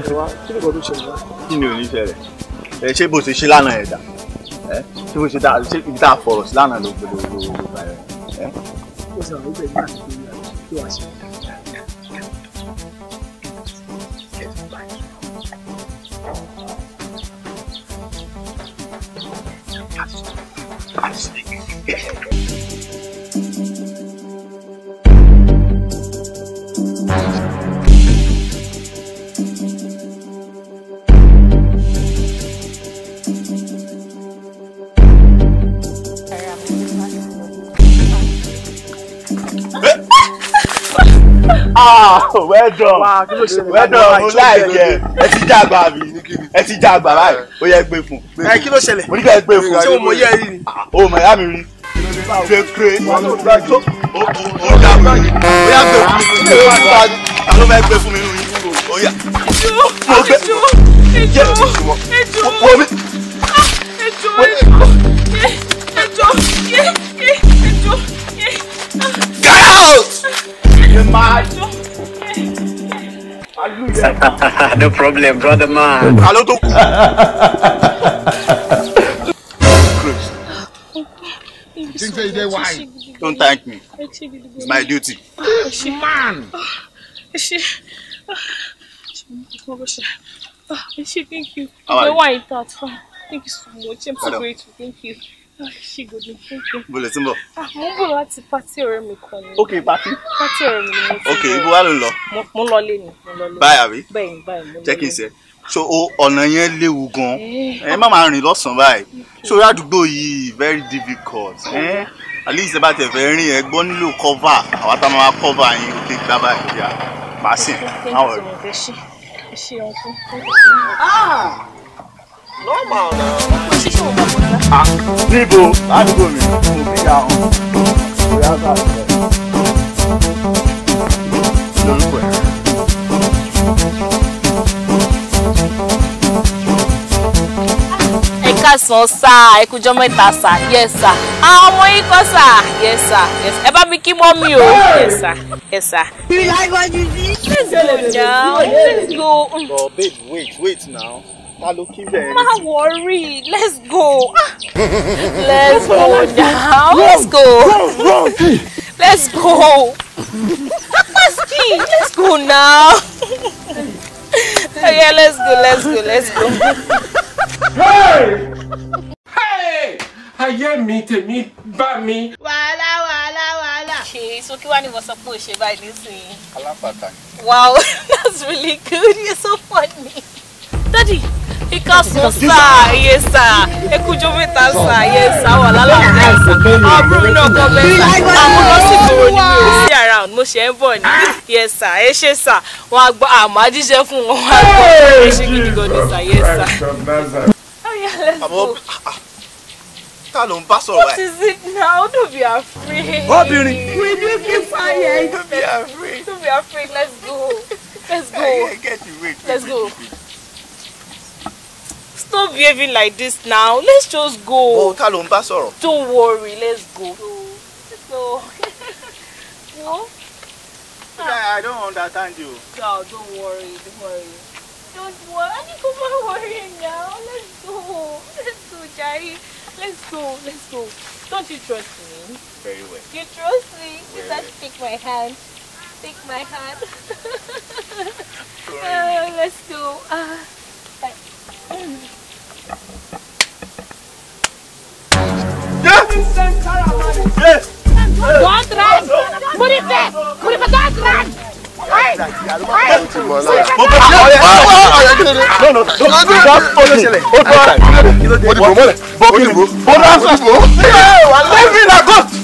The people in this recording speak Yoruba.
ìwà kí ni ò ní ẹ ṣé bó ṣe ṣe lánàá ẹ̀dá ẹ ṣé bó ṣe dá ṣé ibi tá a fọ̀rọ̀ sí lánàá ló gbẹdọ̀ gbogbo gbogbo ẹ. ah well done well done mo láìpẹ́ ẹ ẹ ti já àgbà mi ẹ ti já àgbà báyìí ó yẹ gbé fún. ẹ kí ló ṣẹlẹ̀ mo ní ká ẹ gbé fún. ṣé o mọ yẹ ẹ rí ni. o mọ ìyá mi rí ṣe kure ó dà mí ó yà gbé fún mi ló fẹ́ gbé fún mi nínú yìí ó yà. mo gbé ẹjọ ẹjọ ẹjọ ẹjọ ẹjọ ẹjọ. no problem, brother man. Hello, to. Things are there. Why? Don't thank me. It's my duty. Man. Thank you. Why that? Thank you so much. I'm so grateful. Thank you. Bọ̀lẹ̀ tí ń bọ̀. Ah, mo ń bọ̀ láti pátí ọ̀rẹ́ mi kan ni. Ok pátí. Pátí ọ̀rẹ́ mi ni mo ti lọ. Ok ibo wa ló lọ. Mo lọ lé ni. Báyìí àbí? Bẹ́ẹ̀ni báyìí mo lọ lé. Jẹ́ n ṣe. So ọ̀nà yẹn léwu gan. Eh. Ẹ má máa rìn lọ́sàn-án báyìí. So orí àdúgbò yìí very difficult. Eh? At least ẹ bá tẹ̀ fẹ́ rìn ẹ gbọ́ nílò cover. Àwa tá a máa cover yín òkè gbá báyìí. Màá sìn. Ẹ ṣe ọkọ. Ah! normal náà. níbo àdúgbò mi mo fi ya hàn mo yá ká lórúkọ ẹ. ẹ káàsán sá ẹ kújọ sá yes sá àwọn ọmọ yìí kọ sá yes sá ẹ bá mi kí mọ mi o yes sá yes sá. you like what you see. let's go now. but babe wait wait now ta ló kí bẹ́ẹ̀. má worry let's go let's go now let's go let's go Maski let's go now yeah let's go let's go let's go. hey ayé mi tèmi bá mi. wàhálà wàhálà wàhálà. ṣe so kí wàá ní mo sọ pé o ṣe báyìí nísìnyí. alápàtà. wow that's really good you're so funny. Daddy, kíkọ́sùn sà yé sà ekújó mẹ́ta sà yé sà wà lálàáfíà sà ọ̀bùrù náà kọ́ bẹ́ẹ̀ sà àmúlò sì dúró ní mi ò sí around mo ṣe ń bọ̀ ní yé sà ẹ ṣe sà wọn àgbọ̀ àmọ́ àjíṣe fún wọn wọn àgbọ̀ ẹ ṣe gidi gan ni sà yé sà. ta ló ń bá sọ̀rọ̀ ẹ̀. what is it now don't be afraid. obìnrin. we need to fire. don't be afraid. don't be afraid let's go let's go let's go stop behaving like this now let's just go. o ta ló ń bá don't worry let's go. so wo. I, I don't understand you. God, don't worry, don't worry. Don't worry. I need to not worry now. Let's go. Let's go, Jai. Let's go. Let's go. Don't you trust me? Very well. You trust me? Very Just well. take my hand. Take my hand. oh, let's go. Uh, mọ náà. mo bẹ ṣe ọyẹ ọyẹ kí ló dé. lọ́nà tó ń bá olóṣèlè. ó tọ́ ọ dìbò mọ́lẹ̀. bọ́ọ̀kì dìbò. bọ́ọ̀kì dìbò. lẹ́yìn náà gọ́ọ̀sì.